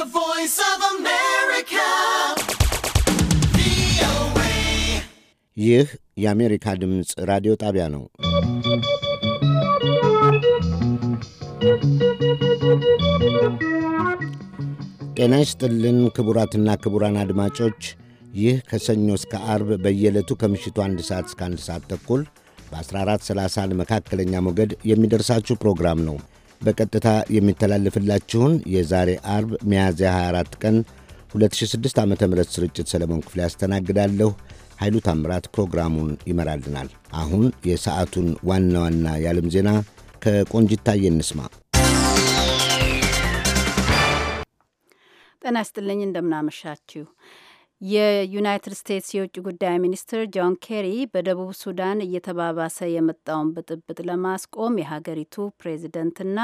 The voice of America. ይህ የአሜሪካ ድምፅ ራዲዮ ጣቢያ ነው። ጤና ይስጥልን ክቡራትና ክቡራን አድማጮች ይህ ከሰኞ እስከ አርብ በየዕለቱ ከምሽቱ አንድ ሰዓት እስከ አንድ ሰዓት ተኩል በ1430 መካከለኛ ሞገድ የሚደርሳችሁ ፕሮግራም ነው። በቀጥታ የሚተላለፍላችሁን የዛሬ አርብ ሚያዝያ 24 ቀን 2006 ዓ ም ስርጭት ሰለሞን ክፍሌ ያስተናግዳለሁ። ኃይሉ ታምራት ፕሮግራሙን ይመራልናል። አሁን የሰዓቱን ዋና ዋና የዓለም ዜና ከቆንጅታዬ እንስማ። ጤና ይስጥልኝ እንደምናመሻችሁ። የዩናይትድ ስቴትስ የውጭ ጉዳይ ሚኒስትር ጆን ኬሪ በደቡብ ሱዳን እየተባባሰ የመጣውን ብጥብጥ ለማስቆም የሀገሪቱ ፕሬዚደንትና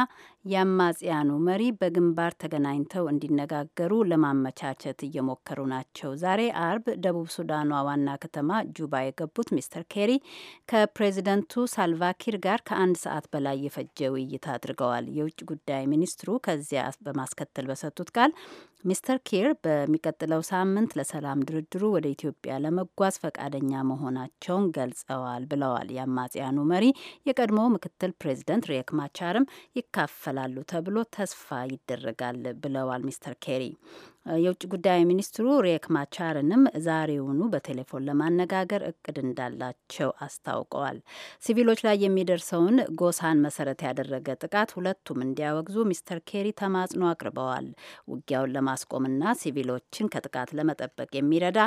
የአማጽያኑ መሪ በግንባር ተገናኝተው እንዲነጋገሩ ለማመቻቸት እየሞከሩ ናቸው። ዛሬ አርብ ደቡብ ሱዳኗ ዋና ከተማ ጁባ የገቡት ሚስተር ኬሪ ከፕሬዚደንቱ ሳልቫኪር ጋር ከአንድ ሰዓት በላይ የፈጀ ውይይት አድርገዋል። የውጭ ጉዳይ ሚኒስትሩ ከዚያ በማስከተል በሰጡት ቃል ሚስተር ኬር በሚቀጥለው ሳምንት ለሰላም ድርድሩ ወደ ኢትዮጵያ ለመጓዝ ፈቃደኛ መሆናቸውን ገልጸዋል ብለዋል። የአማጽያኑ መሪ የቀድሞ ምክትል ፕሬዚደንት ሪየክ ማቻርም ይካፈላሉ ተብሎ ተስፋ ይደረጋል ብለዋል ሚስተር ኬሪ። የውጭ ጉዳይ ሚኒስትሩ ሬክ ማቻርንም ዛሬውኑ በቴሌፎን ለማነጋገር እቅድ እንዳላቸው አስታውቀዋል። ሲቪሎች ላይ የሚደርሰውን ጎሳን መሰረት ያደረገ ጥቃት ሁለቱም እንዲያወግዙ ሚስተር ኬሪ ተማጽኖ አቅርበዋል። ውጊያውን ለማስቆምና ሲቪሎችን ከጥቃት ለመጠበቅ የሚረዳ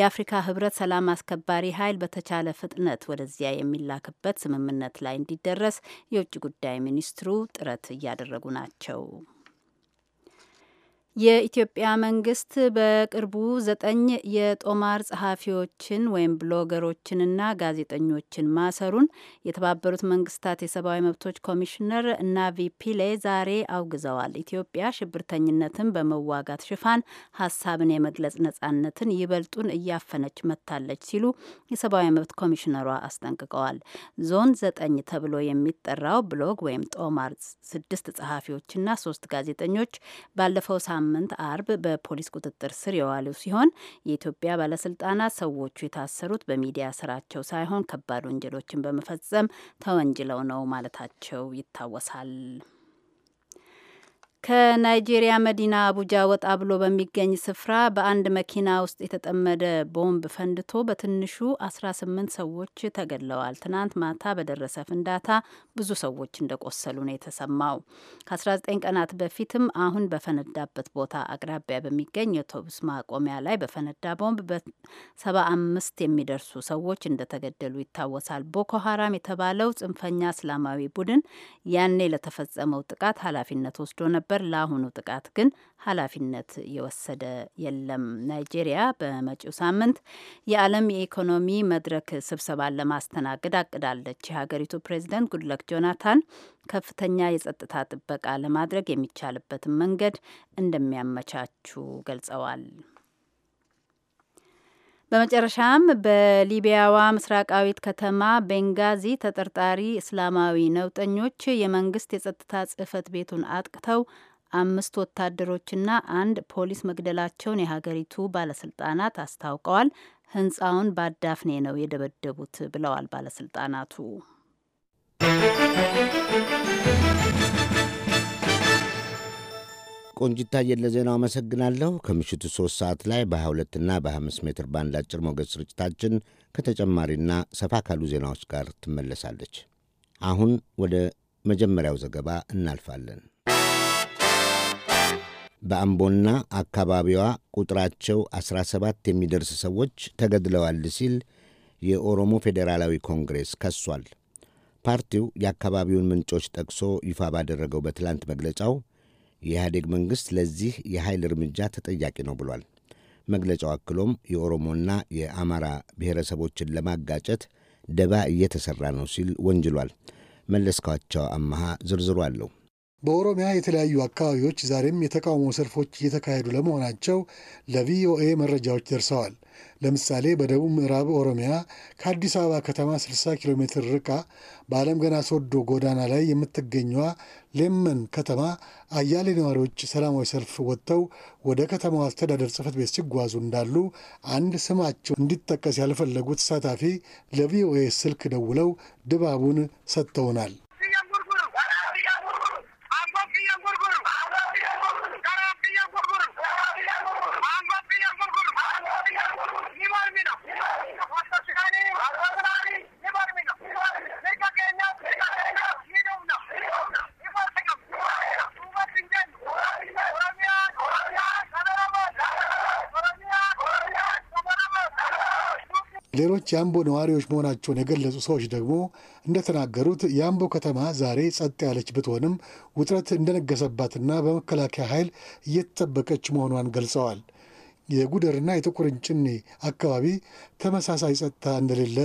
የአፍሪካ ህብረት ሰላም አስከባሪ ኃይል በተቻለ ፍጥነት ወደዚያ የሚላክበት ስምምነት ላይ እንዲደረስ የውጭ ጉዳይ ሚኒስትሩ ጥረት እያደረጉ ናቸው። የኢትዮጵያ መንግስት በቅርቡ ዘጠኝ የጦማር ጸሐፊዎችን ወይም ብሎገሮችንና ጋዜጠኞችን ማሰሩን የተባበሩት መንግስታት የሰብአዊ መብቶች ኮሚሽነር ናቪ ፒሌ ዛሬ አውግዘዋል። ኢትዮጵያ ሽብርተኝነትን በመዋጋት ሽፋን ሀሳብን የመግለጽ ነጻነትን ይበልጡን እያፈነች መታለች ሲሉ የሰብአዊ መብት ኮሚሽነሯ አስጠንቅቀዋል። ዞን ዘጠኝ ተብሎ የሚጠራው ብሎግ ወይም ጦማር ስድስት ጸሐፊዎችና ሶስት ጋዜጠኞች ባለፈው ሳምንት አርብ በፖሊስ ቁጥጥር ስር የዋሉ ሲሆን የኢትዮጵያ ባለስልጣናት ሰዎቹ የታሰሩት በሚዲያ ስራቸው ሳይሆን ከባድ ወንጀሎችን በመፈጸም ተወንጅለው ነው ማለታቸው ይታወሳል። ከናይጄሪያ መዲና አቡጃ ወጣ ብሎ በሚገኝ ስፍራ በአንድ መኪና ውስጥ የተጠመደ ቦምብ ፈንድቶ በትንሹ 18 ሰዎች ተገድለዋል። ትናንት ማታ በደረሰ ፍንዳታ ብዙ ሰዎች እንደቆሰሉ ነው የተሰማው። ከ19 ቀናት በፊትም አሁን በፈነዳበት ቦታ አቅራቢያ በሚገኝ የአውቶቡስ ማቆሚያ ላይ በፈነዳ ቦምብ በሰባ አምስት የሚደርሱ ሰዎች እንደተገደሉ ይታወሳል። ቦኮ ሀራም የተባለው ጽንፈኛ እስላማዊ ቡድን ያኔ ለተፈጸመው ጥቃት ኃላፊነት ወስዶ ነበር። ነበር። ለአሁኑ ጥቃት ግን ኃላፊነት የወሰደ የለም። ናይጄሪያ በመጪው ሳምንት የዓለም የኢኮኖሚ መድረክ ስብሰባን ለማስተናገድ አቅዳለች። የሀገሪቱ ፕሬዚደንት ጉድለክ ጆናታን ከፍተኛ የጸጥታ ጥበቃ ለማድረግ የሚቻልበትን መንገድ እንደሚያመቻቹ ገልጸዋል። በመጨረሻም በሊቢያዋ ምስራቃዊት ከተማ ቤንጋዚ ተጠርጣሪ እስላማዊ ነውጠኞች የመንግስት የጸጥታ ጽህፈት ቤቱን አጥቅተው አምስት ወታደሮችና አንድ ፖሊስ መግደላቸውን የሀገሪቱ ባለስልጣናት አስታውቀዋል። ህንፃውን ባዳፍኔ ነው የደበደቡት ብለዋል ባለስልጣናቱ። ቆንጂታ የለ ዜናው አመሰግናለሁ። ከምሽቱ ሦስት ሰዓት ላይ በ22 እና በ25 ሜትር ባንድ አጭር ሞገድ ስርጭታችን ከተጨማሪና ሰፋ ካሉ ዜናዎች ጋር ትመለሳለች። አሁን ወደ መጀመሪያው ዘገባ እናልፋለን። በአምቦና አካባቢዋ ቁጥራቸው 17 የሚደርስ ሰዎች ተገድለዋል ሲል የኦሮሞ ፌዴራላዊ ኮንግሬስ ከሷል። ፓርቲው የአካባቢውን ምንጮች ጠቅሶ ይፋ ባደረገው በትላንት መግለጫው የኢህአዴግ መንግሥት ለዚህ የኃይል እርምጃ ተጠያቂ ነው ብሏል። መግለጫው አክሎም የኦሮሞና የአማራ ብሔረሰቦችን ለማጋጨት ደባ እየተሠራ ነው ሲል ወንጅሏል። መለስካቸው አመሃ ዝርዝሩ አለው። በኦሮሚያ የተለያዩ አካባቢዎች ዛሬም የተቃውሞ ሰልፎች እየተካሄዱ ለመሆናቸው ለቪኦኤ መረጃዎች ደርሰዋል። ለምሳሌ በደቡብ ምዕራብ ኦሮሚያ ከአዲስ አበባ ከተማ 60 ኪሎ ሜትር ርቃ በዓለም ገና ሶዶ ጎዳና ላይ የምትገኘዋ ሌመን ከተማ አያሌ ነዋሪዎች ሰላማዊ ሰልፍ ወጥተው ወደ ከተማዋ አስተዳደር ጽፈት ቤት ሲጓዙ እንዳሉ አንድ ስማቸው እንዲጠቀስ ያልፈለጉ ተሳታፊ ለቪኦኤ ስልክ ደውለው ድባቡን ሰጥተውናል። ሌሎች የአምቦ ነዋሪዎች መሆናቸውን የገለጹ ሰዎች ደግሞ እንደተናገሩት የአምቦ ከተማ ዛሬ ጸጥ ያለች ብትሆንም ውጥረት እንደነገሰባትና በመከላከያ ኃይል እየተጠበቀች መሆኗን ገልጸዋል። የጉደርና የጥቁር አካባቢ ተመሳሳይ ጸጥታ እንደሌለ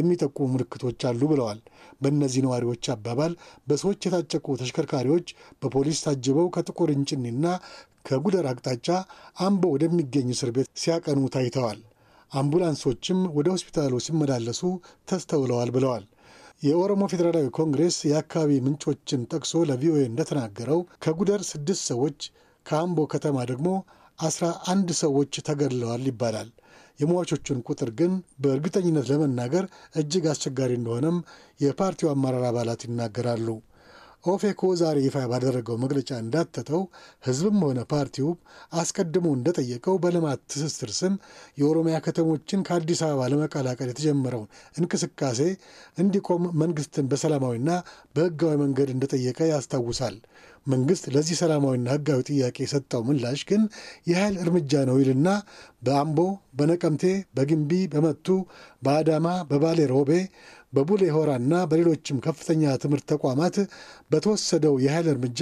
የሚጠቁሙ ምልክቶች አሉ ብለዋል። በእነዚህ ነዋሪዎች አባባል በሰዎች የታጨቁ ተሽከርካሪዎች በፖሊስ ታጅበው ከጥቁር ጭኔና ከጉደር አቅጣጫ አምቦ ወደሚገኝ እስር ቤት ሲያቀኑ ታይተዋል። አምቡላንሶችም ወደ ሆስፒታሉ ሲመላለሱ ተስተውለዋል ብለዋል። የኦሮሞ ፌዴራላዊ ኮንግሬስ የአካባቢ ምንጮችን ጠቅሶ ለቪኦኤ እንደተናገረው ከጉደር ስድስት ሰዎች ከአምቦ ከተማ ደግሞ አስራ አንድ ሰዎች ተገድለዋል ይባላል። የሟቾቹን ቁጥር ግን በእርግጠኝነት ለመናገር እጅግ አስቸጋሪ እንደሆነም የፓርቲው አመራር አባላት ይናገራሉ። ኦፌኮ ዛሬ ይፋ ባደረገው መግለጫ እንዳተተው ህዝብም ሆነ ፓርቲው አስቀድሞ እንደጠየቀው በልማት ትስስር ስም የኦሮሚያ ከተሞችን ከአዲስ አበባ ለመቀላቀል የተጀመረውን እንቅስቃሴ እንዲቆም መንግስትን በሰላማዊና በህጋዊ መንገድ እንደጠየቀ ያስታውሳል። መንግስት ለዚህ ሰላማዊና ህጋዊ ጥያቄ የሰጠው ምላሽ ግን የኃይል እርምጃ ነው ይልና በአምቦ፣ በነቀምቴ፣ በግንቢ፣ በመቱ፣ በአዳማ፣ በባሌ ሮቤ በቡሌ ሆራና በሌሎችም ከፍተኛ ትምህርት ተቋማት በተወሰደው የኃይል እርምጃ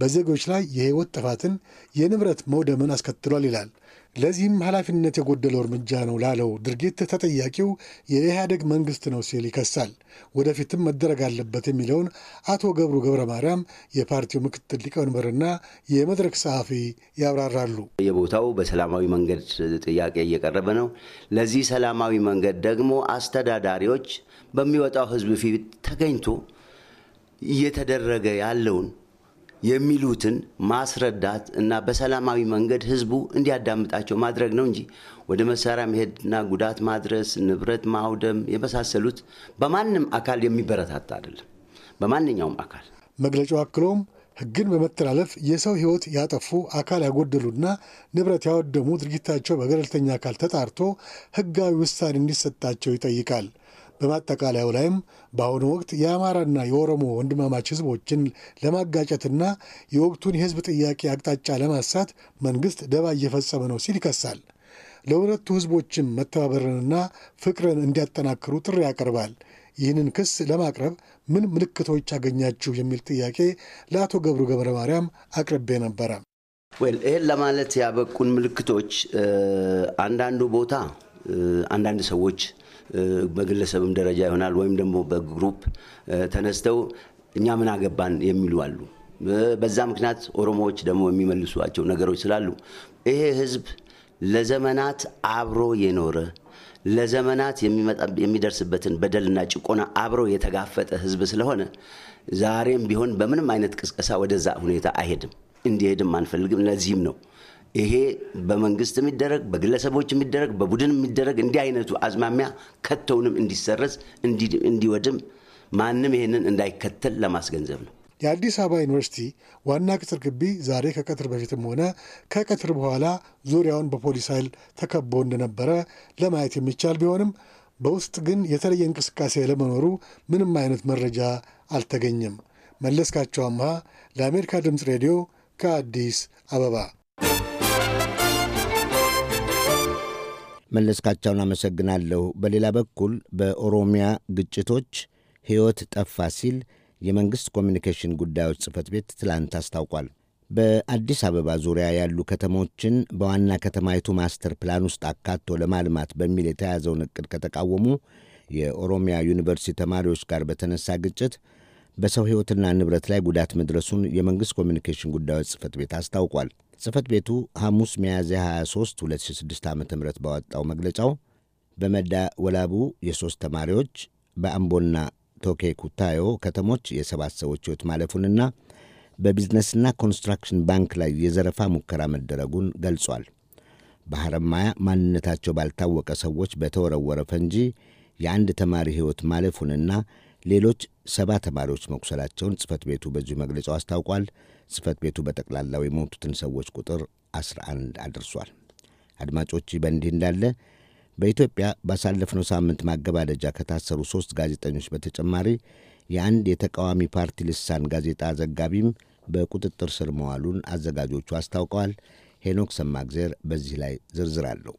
በዜጎች ላይ የህይወት ጥፋትን፣ የንብረት መውደምን አስከትሏል ይላል። ለዚህም ኃላፊነት የጎደለው እርምጃ ነው ላለው ድርጊት ተጠያቂው የኢህአደግ መንግስት ነው ሲል ይከሳል። ወደፊትም መደረግ አለበት የሚለውን አቶ ገብሩ ገብረ ማርያም የፓርቲው ምክትል ሊቀመንበርና የመድረክ ጸሐፊ ያብራራሉ። የቦታው በሰላማዊ መንገድ ጥያቄ እየቀረበ ነው። ለዚህ ሰላማዊ መንገድ ደግሞ አስተዳዳሪዎች በሚወጣው ህዝብ ፊት ተገኝቶ እየተደረገ ያለውን የሚሉትን ማስረዳት እና በሰላማዊ መንገድ ህዝቡ እንዲያዳምጣቸው ማድረግ ነው እንጂ ወደ መሳሪያ መሄድና ጉዳት ማድረስ፣ ንብረት ማውደም የመሳሰሉት በማንም አካል የሚበረታታ አይደለም። በማንኛውም አካል መግለጫው አክሎም ህግን በመተላለፍ የሰው ህይወት ያጠፉ አካል ያጎደሉና ንብረት ያወደሙ ድርጊታቸው በገለልተኛ አካል ተጣርቶ ህጋዊ ውሳኔ እንዲሰጣቸው ይጠይቃል። በማጠቃለያው ላይም በአሁኑ ወቅት የአማራና የኦሮሞ ወንድማማች ህዝቦችን ለማጋጨትና የወቅቱን የህዝብ ጥያቄ አቅጣጫ ለማሳት መንግስት ደባ እየፈጸመ ነው ሲል ይከሳል። ለሁለቱ ህዝቦችም መተባበርንና ፍቅርን እንዲያጠናክሩ ጥሪ ያቀርባል። ይህንን ክስ ለማቅረብ ምን ምልክቶች አገኛችሁ የሚል ጥያቄ ለአቶ ገብሩ ገብረ ማርያም አቅርቤ ነበረ። ይህን ለማለት ያበቁን ምልክቶች አንዳንዱ ቦታ አንዳንድ ሰዎች በግለሰብም ደረጃ ይሆናል ወይም ደግሞ በግሩፕ ተነስተው እኛ ምን አገባን የሚሉ አሉ። በዛ ምክንያት ኦሮሞዎች ደግሞ የሚመልሷቸው ነገሮች ስላሉ ይሄ ህዝብ ለዘመናት አብሮ የኖረ ለዘመናት የሚደርስበትን በደልና ጭቆና አብሮ የተጋፈጠ ህዝብ ስለሆነ ዛሬም ቢሆን በምንም አይነት ቅስቀሳ ወደዛ ሁኔታ አይሄድም፣ እንዲሄድም አንፈልግም። ለዚህም ነው ይሄ በመንግስት የሚደረግ በግለሰቦች የሚደረግ በቡድን የሚደረግ እንዲህ አይነቱ አዝማሚያ ከተውንም እንዲሰረዝ እንዲወድም ማንም ይህንን እንዳይከተል ለማስገንዘብ ነው። የአዲስ አበባ ዩኒቨርሲቲ ዋና ቅጥር ግቢ ዛሬ ከቀትር በፊትም ሆነ ከቀትር በኋላ ዙሪያውን በፖሊስ ኃይል ተከቦ እንደነበረ ለማየት የሚቻል ቢሆንም በውስጥ ግን የተለየ እንቅስቃሴ ለመኖሩ ምንም አይነት መረጃ አልተገኘም። መለስካቸው አምሃ ለአሜሪካ ድምፅ ሬዲዮ ከአዲስ አበባ መለስካቸውን አመሰግናለሁ። በሌላ በኩል በኦሮሚያ ግጭቶች ሕይወት ጠፋ ሲል የመንግሥት ኮሚኒኬሽን ጉዳዮች ጽሕፈት ቤት ትላንት አስታውቋል። በአዲስ አበባ ዙሪያ ያሉ ከተሞችን በዋና ከተማይቱ ማስተር ፕላን ውስጥ አካቶ ለማልማት በሚል የተያዘውን ዕቅድ ከተቃወሙ የኦሮሚያ ዩኒቨርሲቲ ተማሪዎች ጋር በተነሳ ግጭት በሰው ሕይወትና ንብረት ላይ ጉዳት መድረሱን የመንግሥት ኮሚኒኬሽን ጉዳዮች ጽሕፈት ቤት አስታውቋል። ጽህፈት ቤቱ ሐሙስ ሚያዝያ 23 2006 ዓ ም ባወጣው መግለጫው በመዳ ወላቡ የሦስት ተማሪዎች በአምቦና ቶኬ ኩታዮ ከተሞች የሰባት ሰዎች ሕይወት ማለፉንና በቢዝነስና ኮንስትራክሽን ባንክ ላይ የዘረፋ ሙከራ መደረጉን ገልጿል። በሐረማያ ማንነታቸው ባልታወቀ ሰዎች በተወረወረ ፈንጂ የአንድ ተማሪ ሕይወት ማለፉንና ሌሎች ሰባ ተማሪዎች መቁሰላቸውን ጽህፈት ቤቱ በዚሁ መግለጫው አስታውቋል። ጽህፈት ቤቱ በጠቅላላው የሞቱትን ሰዎች ቁጥር 11 አድርሷል። አድማጮች፣ በእንዲህ እንዳለ በኢትዮጵያ ባሳለፍነው ሳምንት ማገባደጃ ከታሰሩ ሦስት ጋዜጠኞች በተጨማሪ የአንድ የተቃዋሚ ፓርቲ ልሳን ጋዜጣ ዘጋቢም በቁጥጥር ስር መዋሉን አዘጋጆቹ አስታውቀዋል። ሄኖክ ሰማግዜር በዚህ ላይ ዝርዝር አለው።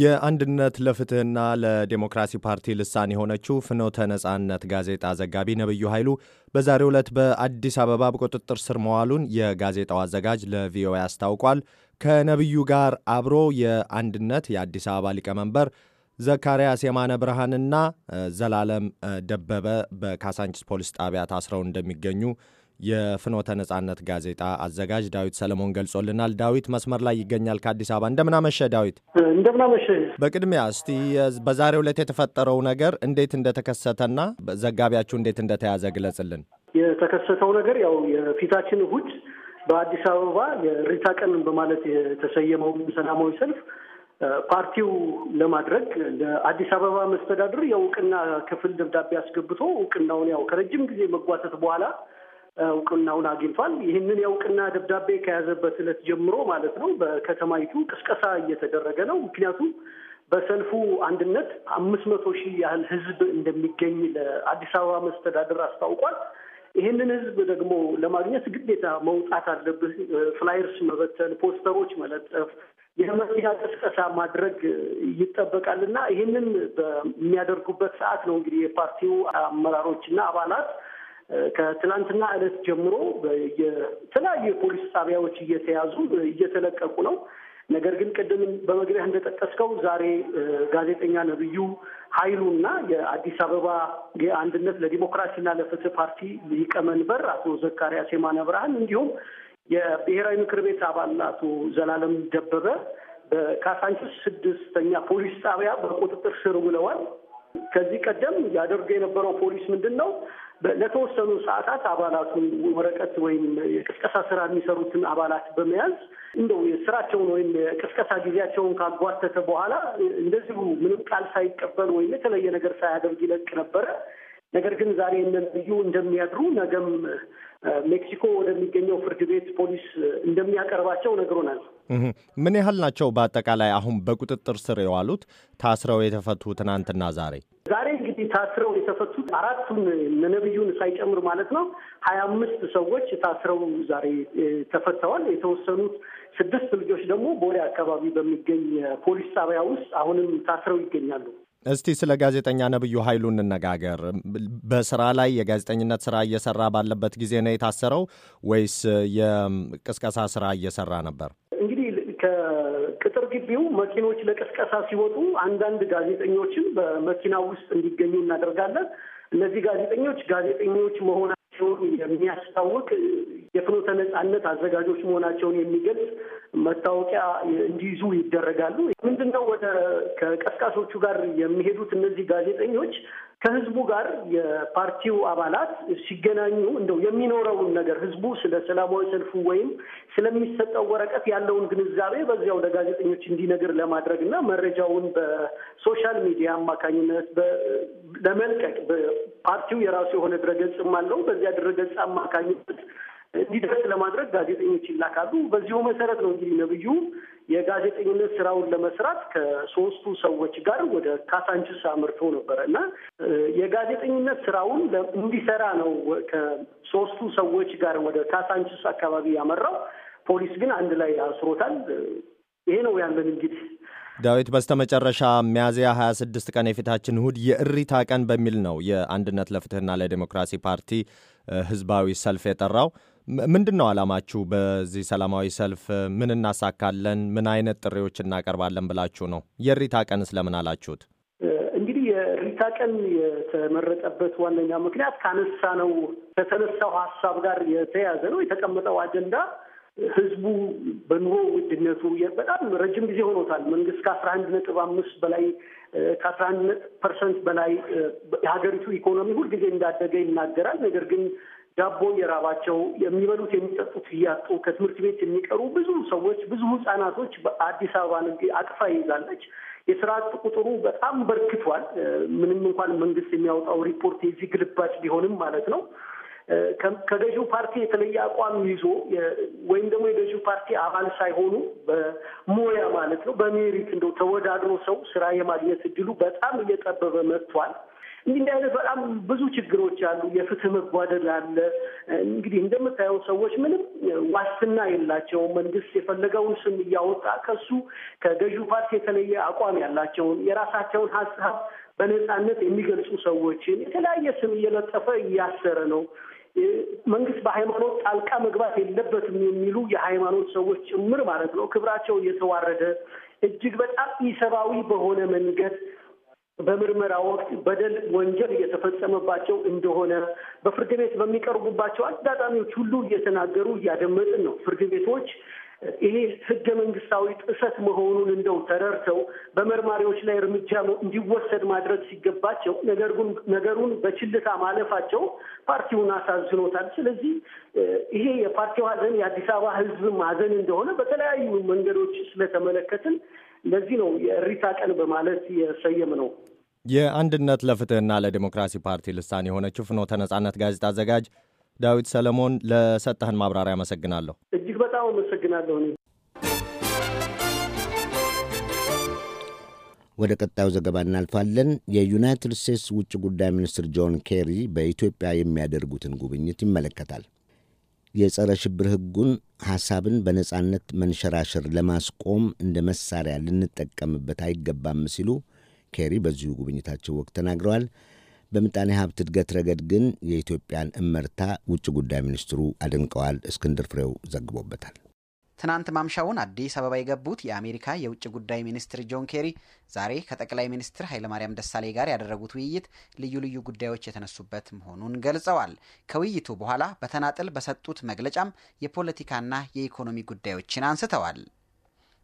የአንድነት ለፍትህና ለዴሞክራሲ ፓርቲ ልሳን የሆነችው ፍኖተ ነጻነት ጋዜጣ ዘጋቢ ነብዩ ኃይሉ በዛሬው ዕለት በአዲስ አበባ በቁጥጥር ስር መዋሉን የጋዜጣው አዘጋጅ ለቪኦኤ አስታውቋል። ከነብዩ ጋር አብሮ የአንድነት የአዲስ አበባ ሊቀመንበር ዘካርያስ የማነ ብርሃንና ዘላለም ደበበ በካሳንችስ ፖሊስ ጣቢያ ታስረው እንደሚገኙ የፍኖተ ነጻነት ጋዜጣ አዘጋጅ ዳዊት ሰለሞን ገልጾልናል። ዳዊት መስመር ላይ ይገኛል ከአዲስ አበባ። እንደምናመሸ ዳዊት። እንደምናመሸ። በቅድሚያ እስቲ በዛሬው ዕለት የተፈጠረው ነገር እንዴት እንደተከሰተና ዘጋቢያችሁ እንዴት እንደተያዘ ግለጽልን። የተከሰተው ነገር ያው የፊታችን እሁድ በአዲስ አበባ የሪታ ቀን በማለት የተሰየመው ሰላማዊ ሰልፍ ፓርቲው ለማድረግ ለአዲስ አበባ መስተዳድር የእውቅና ክፍል ደብዳቤ አስገብቶ እውቅናውን ያው ከረጅም ጊዜ መጓተት በኋላ እውቅናውን አግኝቷል። ይህንን የእውቅና ደብዳቤ ከያዘበት ዕለት ጀምሮ ማለት ነው በከተማይቱ ቅስቀሳ እየተደረገ ነው። ምክንያቱም በሰልፉ አንድነት አምስት መቶ ሺህ ያህል ህዝብ እንደሚገኝ ለአዲስ አበባ መስተዳደር አስታውቋል። ይህንን ህዝብ ደግሞ ለማግኘት ግዴታ መውጣት አለብህ፣ ፍላየርስ መበተን፣ ፖስተሮች መለጠፍ፣ የመሪያ ቅስቀሳ ማድረግ ይጠበቃል እና ይህንን በሚያደርጉበት ሰዓት ነው እንግዲህ የፓርቲው አመራሮች እና አባላት ከትናንትና ዕለት ጀምሮ የተለያዩ የፖሊስ ጣቢያዎች እየተያዙ እየተለቀቁ ነው። ነገር ግን ቅድም በመግቢያ እንደጠቀስከው ዛሬ ጋዜጠኛ ነብዩ ኃይሉ እና የአዲስ አበባ የአንድነት ለዲሞክራሲና ለፍትህ ፓርቲ ሊቀመንበር አቶ ዘካሪያስ የማነ ብርሃን እንዲሁም የብሔራዊ ምክር ቤት አባል አቶ ዘላለም ደበበ በካሳንቺስ ስድስተኛ ፖሊስ ጣቢያ በቁጥጥር ስር ውለዋል። ከዚህ ቀደም ያደርገው የነበረው ፖሊስ ምንድን ነው? ለተወሰኑ ሰዓታት አባላቱ ወረቀት ወይም የቅስቀሳ ስራ የሚሰሩትን አባላት በመያዝ እንደው የስራቸውን ወይም የቅስቀሳ ጊዜያቸውን ካጓተተ በኋላ እንደዚሁ ምንም ቃል ሳይቀበል ወይም የተለየ ነገር ሳያደርግ ይለቅ ነበረ። ነገር ግን ዛሬ እነዚሁ እንደሚያድሩ ነገም ሜክሲኮ ወደሚገኘው ፍርድ ቤት ፖሊስ እንደሚያቀርባቸው ነግሮናል። ምን ያህል ናቸው? በአጠቃላይ አሁን በቁጥጥር ስር የዋሉት ታስረው የተፈቱ ትናንትና ዛሬ ዛሬ ታስረው የተፈቱት አራቱን ነብዩን ሳይጨምር ማለት ነው ሀያ አምስት ሰዎች ታስረው ዛሬ ተፈተዋል። የተወሰኑት ስድስት ልጆች ደግሞ ቦሌ አካባቢ በሚገኝ ፖሊስ ጣቢያ ውስጥ አሁንም ታስረው ይገኛሉ። እስቲ ስለ ጋዜጠኛ ነብዩ ኃይሉ እንነጋገር። በስራ ላይ የጋዜጠኝነት ስራ እየሰራ ባለበት ጊዜ ነው የታሰረው ወይስ የቅስቀሳ ስራ እየሰራ ነበር? ቅጥር ግቢው መኪኖች ለቅስቀሳ ሲወጡ አንዳንድ ጋዜጠኞችን በመኪና ውስጥ እንዲገኙ እናደርጋለን። እነዚህ ጋዜጠኞች ጋዜጠኞች መሆናቸውን የሚያስታውቅ የፍኖተ ነጻነት አዘጋጆች መሆናቸውን የሚገልጽ መታወቂያ እንዲይዙ ይደረጋሉ። ምንድነው ወደ ከቀስቃሾቹ ጋር የሚሄዱት እነዚህ ጋዜጠኞች ከህዝቡ ጋር የፓርቲው አባላት ሲገናኙ እንደው የሚኖረውን ነገር ህዝቡ ስለ ሰላማዊ ሰልፉ ወይም ስለሚሰጠው ወረቀት ያለውን ግንዛቤ በዚያው ለጋዜጠኞች እንዲነግር ለማድረግ እና መረጃውን በሶሻል ሚዲያ አማካኝነት ለመልቀቅ ፓርቲው የራሱ የሆነ ድረገጽም አለው። በዚያ ድረገጽ አማካኝነት እንዲደርስ ለማድረግ ጋዜጠኞች ይላካሉ። በዚሁ መሰረት ነው እንግዲህ ነብዩ የጋዜጠኝነት ስራውን ለመስራት ከሶስቱ ሰዎች ጋር ወደ ካሳንችስ አምርቶ ነበረ እና የጋዜጠኝነት ስራውን እንዲሰራ ነው ከሶስቱ ሰዎች ጋር ወደ ካሳንችስ አካባቢ ያመራው። ፖሊስ ግን አንድ ላይ አስሮታል። ይሄ ነው ያለን እንግዲህ ዳዊት በስተመጨረሻ ሚያዝያ 26 ቀን የፊታችን እሁድ የእሪታ ቀን በሚል ነው የአንድነት ለፍትህና ለዲሞክራሲ ፓርቲ ህዝባዊ ሰልፍ የጠራው። ምንድን ነው አላማችሁ? በዚህ ሰላማዊ ሰልፍ ምን እናሳካለን፣ ምን አይነት ጥሪዎች እናቀርባለን ብላችሁ ነው? የሪታ ቀን ስለምን አላችሁት? እንግዲህ የሪታ ቀን የተመረጠበት ዋነኛ ምክንያት ካነሳ ነው ከተነሳው ሀሳብ ጋር የተያዘ ነው። የተቀመጠው አጀንዳ ህዝቡ በኑሮ ውድነቱ በጣም ረጅም ጊዜ ሆኖታል። መንግስት ከአስራ አንድ ነጥብ አምስት በላይ ከአስራ አንድ ፐርሰንት በላይ የሀገሪቱ ኢኮኖሚ ሁልጊዜ እንዳደገ ይናገራል። ነገር ግን ዳቦ እየራባቸው የሚበሉት የሚጠጡት እያጡ ከትምህርት ቤት የሚቀሩ ብዙ ሰዎች ብዙ ህጻናቶች በአዲስ አበባን አቅፋ ይይዛለች። የስራ አጥ ቁጥሩ በጣም በርክቷል። ምንም እንኳን መንግስት የሚያወጣው ሪፖርት የዚህ ግልባጭ ቢሆንም ማለት ነው ከገዢው ፓርቲ የተለየ አቋም ይዞ ወይም ደግሞ የገዢው ፓርቲ አባል ሳይሆኑ በሞያ ማለት ነው በሜሪት እንደው ተወዳድሮ ሰው ስራ የማግኘት እድሉ በጣም እየጠበበ መጥቷል። እንዲህ አይነት በጣም ብዙ ችግሮች አሉ። የፍትህ መጓደል አለ። እንግዲህ እንደምታየው ሰዎች ምንም ዋስትና የላቸውም። መንግስት የፈለገውን ስም እያወጣ ከሱ ከገዢው ፓርቲ የተለየ አቋም ያላቸውን የራሳቸውን ሀሳብ በነፃነት የሚገልጹ ሰዎችን የተለያየ ስም እየለጠፈ እያሰረ ነው። መንግስት በሃይማኖት ጣልቃ መግባት የለበትም የሚሉ የሃይማኖት ሰዎች ጭምር ማለት ነው። ክብራቸው እየተዋረደ እጅግ በጣም ኢሰብአዊ በሆነ መንገድ በምርመራ ወቅት በደል፣ ወንጀል እየተፈጸመባቸው እንደሆነ በፍርድ ቤት በሚቀርቡባቸው አጋጣሚዎች ሁሉ እየተናገሩ እያደመጥን ነው። ፍርድ ቤቶች ይሄ ህገ መንግስታዊ ጥሰት መሆኑን እንደው ተረድተው በመርማሪዎች ላይ እርምጃ እንዲወሰድ ማድረግ ሲገባቸው ነገር ግን ነገሩን በችልታ ማለፋቸው ፓርቲውን አሳዝኖታል። ስለዚህ ይሄ የፓርቲው ሀዘን የአዲስ አበባ ህዝብ ሀዘን እንደሆነ በተለያዩ መንገዶች ስለተመለከትን ለዚህ ነው የእሪታ ቀን በማለት የሰየም ነው። የአንድነት ለፍትህና ለዲሞክራሲ ፓርቲ ልሳን የሆነችው ፍኖተ ነጻነት ጋዜጣ አዘጋጅ ዳዊት ሰለሞን ለሰጠህን ማብራሪያ አመሰግናለሁ። እጅግ በጣም አመሰግናለሁ። ወደ ቀጣዩ ዘገባ እናልፋለን። የዩናይትድ ስቴትስ ውጭ ጉዳይ ሚኒስትር ጆን ኬሪ በኢትዮጵያ የሚያደርጉትን ጉብኝት ይመለከታል። የጸረ ሽብር ሕጉን ሐሳብን በነጻነት መንሸራሸር ለማስቆም እንደ መሳሪያ ልንጠቀምበት አይገባም ሲሉ ኬሪ በዚሁ ጉብኝታቸው ወቅት ተናግረዋል። በምጣኔ ሀብት እድገት ረገድ ግን የኢትዮጵያን እመርታ ውጭ ጉዳይ ሚኒስትሩ አድንቀዋል። እስክንድር ፍሬው ዘግቦበታል። ትናንት ማምሻውን አዲስ አበባ የገቡት የአሜሪካ የውጭ ጉዳይ ሚኒስትር ጆን ኬሪ ዛሬ ከጠቅላይ ሚኒስትር ኃይለማርያም ደሳሌ ጋር ያደረጉት ውይይት ልዩ ልዩ ጉዳዮች የተነሱበት መሆኑን ገልጸዋል። ከውይይቱ በኋላ በተናጥል በሰጡት መግለጫም የፖለቲካና የኢኮኖሚ ጉዳዮችን አንስተዋል።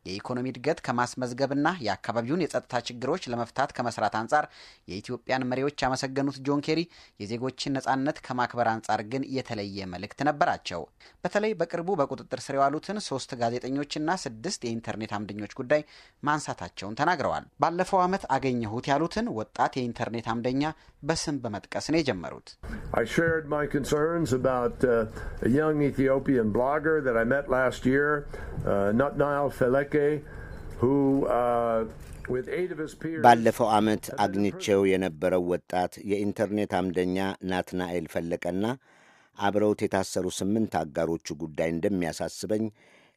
የኢኮኖሚ እድገት ከማስመዝገብና የአካባቢውን የጸጥታ ችግሮች ለመፍታት ከመስራት አንጻር የኢትዮጵያን መሪዎች ያመሰገኑት ጆን ኬሪ የዜጎችን ነጻነት ከማክበር አንጻር ግን የተለየ መልእክት ነበራቸው። በተለይ በቅርቡ በቁጥጥር ስር የዋሉትን ሶስት ጋዜጠኞችና ስድስት የኢንተርኔት አምደኞች ጉዳይ ማንሳታቸውን ተናግረዋል። ባለፈው ዓመት አገኘሁት ያሉትን ወጣት የኢንተርኔት አምደኛ በስም በመጥቀስ ነው የጀመሩት። uh, uh, uh, ባለፈው ዓመት አግኝቼው የነበረው ወጣት የኢንተርኔት አምደኛ ናትናኤል ፈለቀና አብረውት የታሰሩ ስምንት አጋሮቹ ጉዳይ እንደሚያሳስበኝ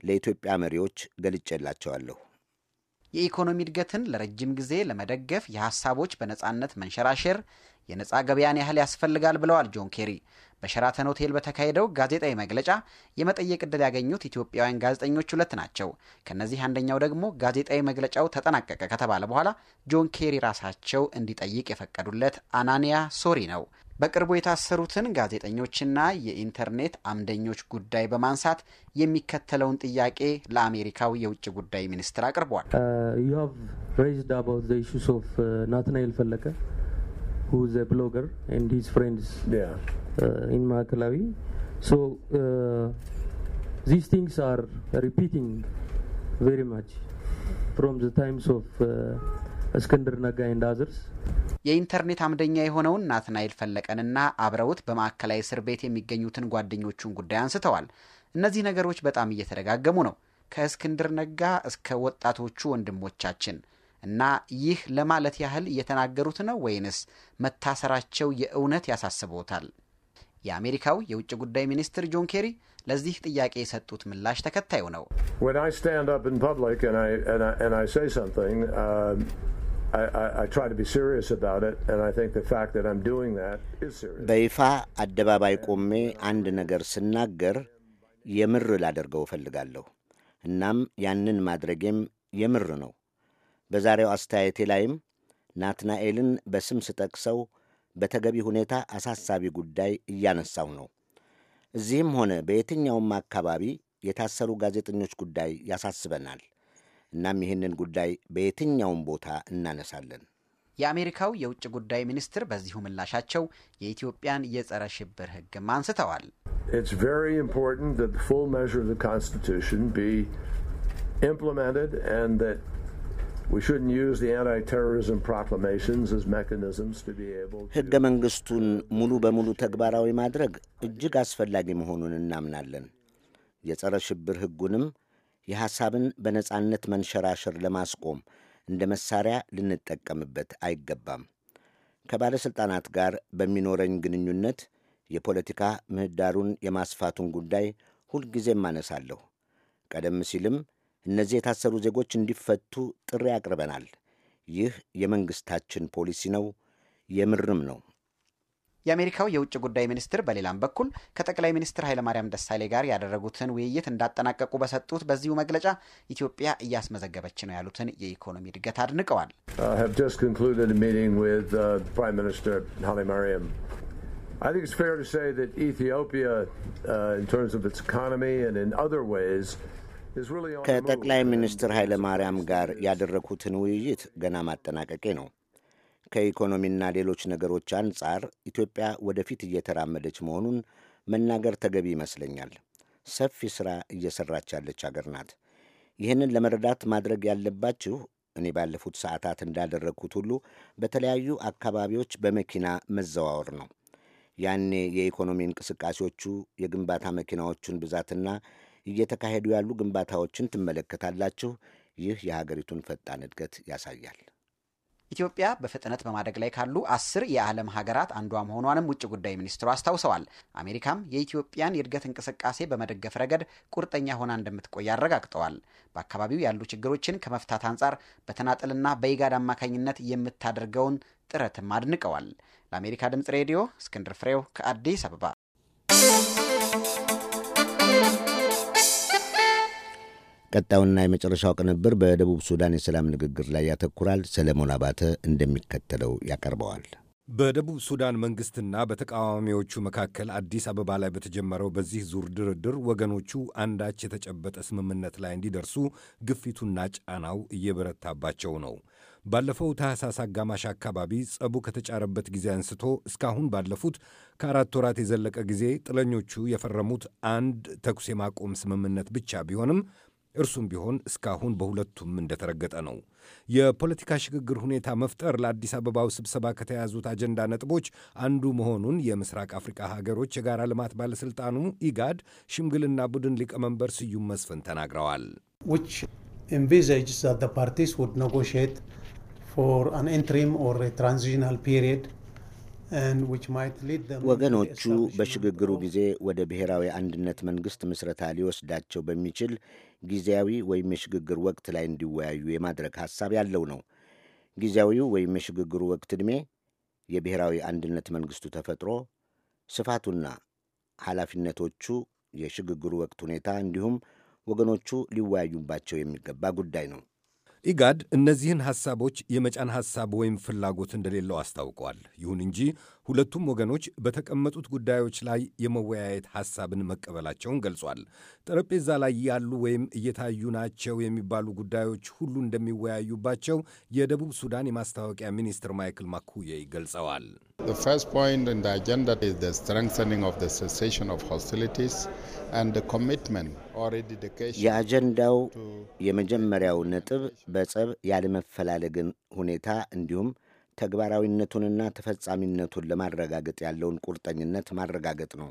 ለኢትዮጵያ መሪዎች ገልጬላቸዋለሁ። የኢኮኖሚ እድገትን ለረጅም ጊዜ ለመደገፍ የሐሳቦች በነጻነት መንሸራሸር የነፃ ገበያን ያህል ያስፈልጋል ብለዋል ጆን ኬሪ። በሸራተን ሆቴል በተካሄደው ጋዜጣዊ መግለጫ የመጠየቅ ዕድል ያገኙት ኢትዮጵያውያን ጋዜጠኞች ሁለት ናቸው። ከእነዚህ አንደኛው ደግሞ ጋዜጣዊ መግለጫው ተጠናቀቀ ከተባለ በኋላ ጆን ኬሪ ራሳቸው እንዲጠይቅ የፈቀዱለት አናንያ ሶሪ ነው። በቅርቡ የታሰሩትን ጋዜጠኞችና የኢንተርኔት አምደኞች ጉዳይ በማንሳት የሚከተለውን ጥያቄ ለአሜሪካው የውጭ ጉዳይ ሚኒስትር አቅርቧል። ናትናኤል uh, ፈለቀ who is a blogger and his friends yeah. uh, in Maakalawi. So uh, these things are repeating very much from the times of uh, እስክንድር Naga and others. የኢንተርኔት አምደኛ የሆነውን ናትናኤል ፈለቀንና አብረውት በማዕከላዊ እስር ቤት የሚገኙትን ጓደኞቹን ጉዳይ አንስተዋል። እነዚህ ነገሮች በጣም እየተደጋገሙ ነው። ከእስክንድር ነጋ እስከ ወጣቶቹ ወንድሞቻችን እና ይህ ለማለት ያህል እየተናገሩት ነው ወይንስ መታሰራቸው የእውነት ያሳስበታል? የአሜሪካው የውጭ ጉዳይ ሚኒስትር ጆን ኬሪ ለዚህ ጥያቄ የሰጡት ምላሽ ተከታዩ ነው። በይፋ አደባባይ ቆሜ አንድ ነገር ስናገር የምር ላደርገው እፈልጋለሁ። እናም ያንን ማድረጌም የምር ነው። በዛሬው አስተያየቴ ላይም ናትናኤልን በስም ስጠቅሰው በተገቢ ሁኔታ አሳሳቢ ጉዳይ እያነሳው ነው። እዚህም ሆነ በየትኛውም አካባቢ የታሰሩ ጋዜጠኞች ጉዳይ ያሳስበናል። እናም ይህንን ጉዳይ በየትኛውም ቦታ እናነሳለን። የአሜሪካው የውጭ ጉዳይ ሚኒስትር በዚሁ ምላሻቸው የኢትዮጵያን የጸረ ሽብር ሕግም አንስተዋል። ሕገ መንግሥቱን ሙሉ በሙሉ ተግባራዊ ማድረግ እጅግ አስፈላጊ መሆኑን እናምናለን። የጸረ ሽብር ሕጉንም የሐሳብን በነጻነት መንሸራሸር ለማስቆም እንደ መሣሪያ ልንጠቀምበት አይገባም። ከባለሥልጣናት ጋር በሚኖረኝ ግንኙነት የፖለቲካ ምህዳሩን የማስፋቱን ጉዳይ ሁልጊዜም አነሳለሁ። ቀደም ሲልም እነዚህ የታሰሩ ዜጎች እንዲፈቱ ጥሪ አቅርበናል። ይህ የመንግስታችን ፖሊሲ ነው፣ የምርም ነው። የአሜሪካው የውጭ ጉዳይ ሚኒስትር በሌላም በኩል ከጠቅላይ ሚኒስትር ኃይለማርያም ደሳሌ ጋር ያደረጉትን ውይይት እንዳጠናቀቁ በሰጡት በዚሁ መግለጫ ኢትዮጵያ እያስመዘገበች ነው ያሉትን የኢኮኖሚ እድገት አድንቀዋል። ኢትዮጵያ uh, think ከጠቅላይ ሚኒስትር ኃይለ ማርያም ጋር ያደረግሁትን ውይይት ገና ማጠናቀቄ ነው። ከኢኮኖሚና ሌሎች ነገሮች አንጻር ኢትዮጵያ ወደፊት እየተራመደች መሆኑን መናገር ተገቢ ይመስለኛል። ሰፊ ሥራ እየሠራች ያለች አገር ናት። ይህንን ለመረዳት ማድረግ ያለባችሁ እኔ ባለፉት ሰዓታት እንዳደረግሁት ሁሉ በተለያዩ አካባቢዎች በመኪና መዘዋወር ነው። ያኔ የኢኮኖሚ እንቅስቃሴዎቹ የግንባታ መኪናዎቹን ብዛትና እየተካሄዱ ያሉ ግንባታዎችን ትመለከታላችሁ። ይህ የሀገሪቱን ፈጣን እድገት ያሳያል። ኢትዮጵያ በፍጥነት በማደግ ላይ ካሉ አስር የዓለም ሀገራት አንዷ መሆኗንም ውጭ ጉዳይ ሚኒስትሩ አስታውሰዋል። አሜሪካም የኢትዮጵያን የእድገት እንቅስቃሴ በመደገፍ ረገድ ቁርጠኛ ሆና እንደምትቆይ አረጋግጠዋል። በአካባቢው ያሉ ችግሮችን ከመፍታት አንጻር በተናጠልና በኢጋድ አማካኝነት የምታደርገውን ጥረትም አድንቀዋል። ለአሜሪካ ድምጽ ሬዲዮ እስክንድር ፍሬው ከአዲስ አበባ ቀጣዩና የመጨረሻው ቅንብር በደቡብ ሱዳን የሰላም ንግግር ላይ ያተኩራል። ሰለሞን አባተ እንደሚከተለው ያቀርበዋል። በደቡብ ሱዳን መንግስትና በተቃዋሚዎቹ መካከል አዲስ አበባ ላይ በተጀመረው በዚህ ዙር ድርድር ወገኖቹ አንዳች የተጨበጠ ስምምነት ላይ እንዲደርሱ ግፊቱና ጫናው እየበረታባቸው ነው። ባለፈው ታህሳስ አጋማሽ አካባቢ ጸቡ ከተጫረበት ጊዜ አንስቶ እስካሁን ባለፉት ከአራት ወራት የዘለቀ ጊዜ ጥለኞቹ የፈረሙት አንድ ተኩስ የማቆም ስምምነት ብቻ ቢሆንም እርሱም ቢሆን እስካሁን በሁለቱም እንደተረገጠ ነው። የፖለቲካ ሽግግር ሁኔታ መፍጠር ለአዲስ አበባው ስብሰባ ከተያዙት አጀንዳ ነጥቦች አንዱ መሆኑን የምስራቅ አፍሪካ ሀገሮች የጋራ ልማት ባለሥልጣኑ ኢጋድ ሽምግልና ቡድን ሊቀመንበር ስዩም መስፍን ተናግረዋል። ወገኖቹ በሽግግሩ ጊዜ ወደ ብሔራዊ አንድነት መንግሥት ምስረታ ሊወስዳቸው በሚችል ጊዜያዊ ወይም የሽግግር ወቅት ላይ እንዲወያዩ የማድረግ ሐሳብ ያለው ነው። ጊዜያዊው ወይም የሽግግሩ ወቅት ዕድሜ የብሔራዊ አንድነት መንግሥቱ ተፈጥሮ ስፋቱና ኃላፊነቶቹ፣ የሽግግሩ ወቅት ሁኔታ እንዲሁም ወገኖቹ ሊወያዩባቸው የሚገባ ጉዳይ ነው። ኢጋድ እነዚህን ሐሳቦች የመጫን ሐሳብ ወይም ፍላጎት እንደሌለው አስታውቋል። ይሁን እንጂ ሁለቱም ወገኖች በተቀመጡት ጉዳዮች ላይ የመወያየት ሐሳብን መቀበላቸውን ገልጿል። ጠረጴዛ ላይ ያሉ ወይም እየታዩ ናቸው የሚባሉ ጉዳዮች ሁሉ እንደሚወያዩባቸው የደቡብ ሱዳን የማስታወቂያ ሚኒስትር ማይክል ማኩዬ ገልጸዋል። የአጀንዳው የመጀመሪያው ነጥብ በጸብ ያለመፈላለግን ሁኔታ እንዲሁም ተግባራዊነቱንና ተፈጻሚነቱን ለማረጋገጥ ያለውን ቁርጠኝነት ማረጋገጥ ነው።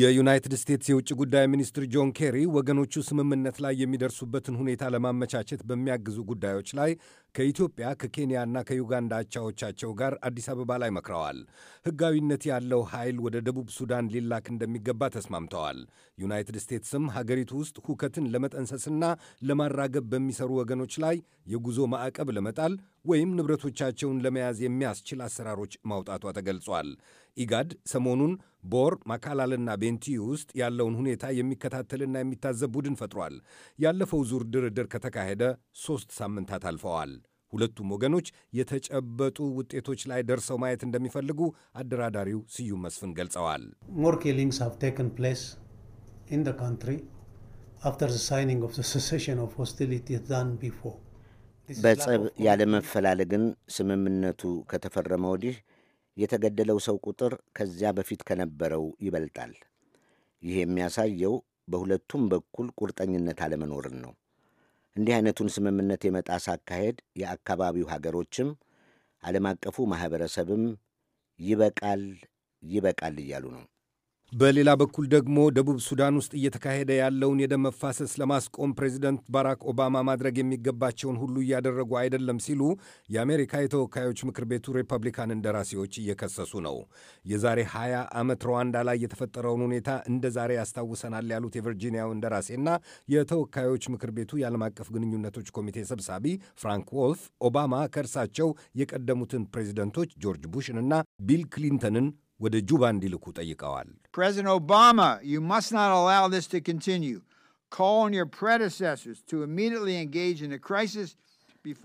የዩናይትድ ስቴትስ የውጭ ጉዳይ ሚኒስትር ጆን ኬሪ ወገኖቹ ስምምነት ላይ የሚደርሱበትን ሁኔታ ለማመቻቸት በሚያግዙ ጉዳዮች ላይ ከኢትዮጵያ ከኬንያና ከዩጋንዳ አቻዎቻቸው ጋር አዲስ አበባ ላይ መክረዋል። ሕጋዊነት ያለው ኃይል ወደ ደቡብ ሱዳን ሊላክ እንደሚገባ ተስማምተዋል። ዩናይትድ ስቴትስም ሀገሪቱ ውስጥ ሁከትን ለመጠንሰስና ለማራገብ በሚሰሩ ወገኖች ላይ የጉዞ ማዕቀብ ለመጣል ወይም ንብረቶቻቸውን ለመያዝ የሚያስችል አሰራሮች ማውጣቷ ተገልጿል። ኢጋድ ሰሞኑን ቦር ማካላልና ቤንቲ ውስጥ ያለውን ሁኔታ የሚከታተልና የሚታዘብ ቡድን ፈጥሯል። ያለፈው ዙር ድርድር ከተካሄደ ሦስት ሳምንታት አልፈዋል። ሁለቱም ወገኖች የተጨበጡ ውጤቶች ላይ ደርሰው ማየት እንደሚፈልጉ አደራዳሪው ስዩም መስፍን ገልጸዋል። በጸብ ያለመፈላለግን ስምምነቱ ከተፈረመ ወዲህ የተገደለው ሰው ቁጥር ከዚያ በፊት ከነበረው ይበልጣል። ይህ የሚያሳየው በሁለቱም በኩል ቁርጠኝነት አለመኖርን ነው። እንዲህ አይነቱን ስምምነት የመጣስ አካሄድ የአካባቢው ሀገሮችም ዓለም አቀፉ ማኅበረሰብም ይበቃል ይበቃል እያሉ ነው። በሌላ በኩል ደግሞ ደቡብ ሱዳን ውስጥ እየተካሄደ ያለውን የደም መፋሰስ ለማስቆም ፕሬዚደንት ባራክ ኦባማ ማድረግ የሚገባቸውን ሁሉ እያደረጉ አይደለም ሲሉ የአሜሪካ የተወካዮች ምክር ቤቱ ሪፐብሊካን እንደራሴዎች እየከሰሱ ነው። የዛሬ 20 ዓመት ሩዋንዳ ላይ የተፈጠረውን ሁኔታ እንደ ዛሬ ያስታውሰናል ያሉት የቨርጂኒያው እንደራሴና የተወካዮች ምክር ቤቱ የዓለም አቀፍ ግንኙነቶች ኮሚቴ ሰብሳቢ ፍራንክ ወልፍ ኦባማ ከእርሳቸው የቀደሙትን ፕሬዚደንቶች ጆርጅ ቡሽንና ቢል ክሊንተንን ወደ ጁባ እንዲልኩ ጠይቀዋል። ፕሬዚደንት ኦባማ ዩ መስት ናት አላው ዚስ ቱ ኮንቲኒዩ ኮል ኦን ዮር ፕሬደሰሰርስ ቱ ኢሚዲየትሊ ኢን ክራይሲስ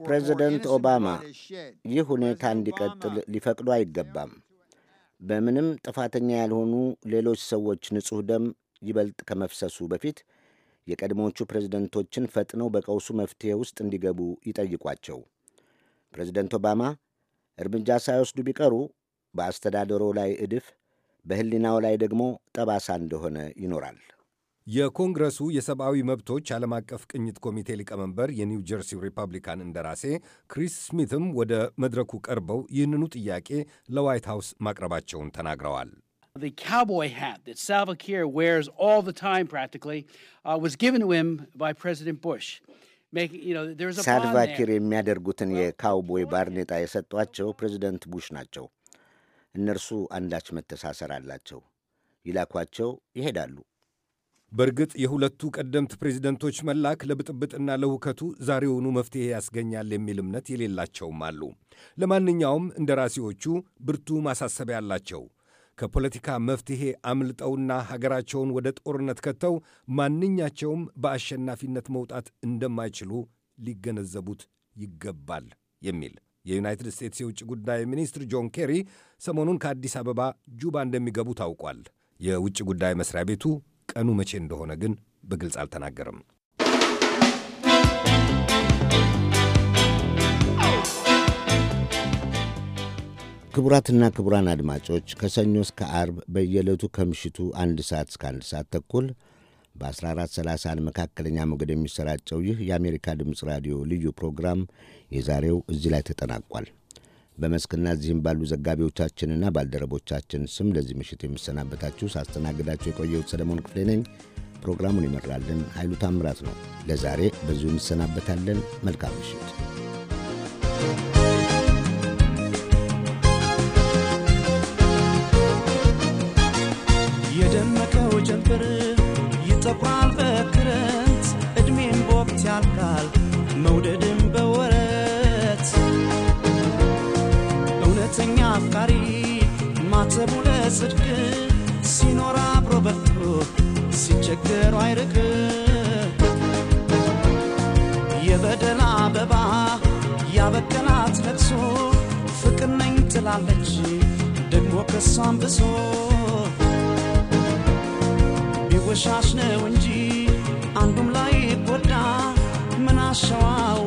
ፕሬዚደንት ኦባማ ይህ ሁኔታ እንዲቀጥል ሊፈቅዱ አይገባም። በምንም ጥፋተኛ ያልሆኑ ሌሎች ሰዎች ንጹሕ ደም ይበልጥ ከመፍሰሱ በፊት የቀድሞቹ ፕሬዝደንቶችን ፈጥነው በቀውሱ መፍትሔ ውስጥ እንዲገቡ ይጠይቋቸው። ፕሬዝደንት ኦባማ እርምጃ ሳይወስዱ ቢቀሩ በአስተዳደሩ ላይ እድፍ፣ በህሊናው ላይ ደግሞ ጠባሳ እንደሆነ ይኖራል። የኮንግረሱ የሰብአዊ መብቶች ዓለም አቀፍ ቅኝት ኮሚቴ ሊቀመንበር የኒው ጀርሲ ሪፐብሊካን እንደራሴ ክሪስ ስሚትም ወደ መድረኩ ቀርበው ይህንኑ ጥያቄ ለዋይት ሃውስ ማቅረባቸውን ተናግረዋል። ሳልቫኪር uh, የሚያደርጉትን የካውቦይ ባርኔጣ የሰጧቸው ፕሬዚደንት ቡሽ ናቸው። እነርሱ አንዳች መተሳሰር አላቸው። ይላኳቸው ይሄዳሉ። በእርግጥ የሁለቱ ቀደምት ፕሬዚደንቶች መላክ ለብጥብጥና ለውከቱ ዛሬውኑ መፍትሔ ያስገኛል የሚል እምነት የሌላቸውም አሉ። ለማንኛውም እንደራሴዎቹ ብርቱ ማሳሰቢያ አላቸው። ከፖለቲካ መፍትሔ አምልጠውና ሀገራቸውን ወደ ጦርነት ከተው ማንኛቸውም በአሸናፊነት መውጣት እንደማይችሉ ሊገነዘቡት ይገባል የሚል የዩናይትድ ስቴትስ የውጭ ጉዳይ ሚኒስትር ጆን ኬሪ ሰሞኑን ከአዲስ አበባ ጁባ እንደሚገቡ ታውቋል። የውጭ ጉዳይ መስሪያ ቤቱ ቀኑ መቼ እንደሆነ ግን በግልጽ አልተናገርም። ክቡራትና ክቡራን አድማጮች ከሰኞ እስከ አርብ በየዕለቱ ከምሽቱ አንድ ሰዓት እስከ አንድ ሰዓት ተኩል በ1430 መካከለኛ ሞገድ የሚሰራጨው ይህ የአሜሪካ ድምፅ ራዲዮ ልዩ ፕሮግራም የዛሬው እዚህ ላይ ተጠናቋል። በመስክና እዚህም ባሉ ዘጋቢዎቻችንና ባልደረቦቻችን ስም ለዚህ ምሽት የምሰናበታችሁ ሳስተናግዳችሁ የቆየሁት ሰለሞን ክፍሌ ነኝ። ፕሮግራሙን ይመራልን ኃይሉ ታምራት ነው። ለዛሬ በዚሁ እንሰናበታለን። መልካም ምሽት። መውደድን በወረት እውነተኛ አፍቃሪ ማተቡ ለጽድቅ ሲኖር አብሮ በልቶ ሲቸገሩ አይርቅ የበደል አበባ ያበቀላት ለቅሶ ፍቅር ነኝ ትላለች ደግሞ ከሷም ብሶ ቢወሻሽ ነው እንጂ አንዱም ላይ when I show I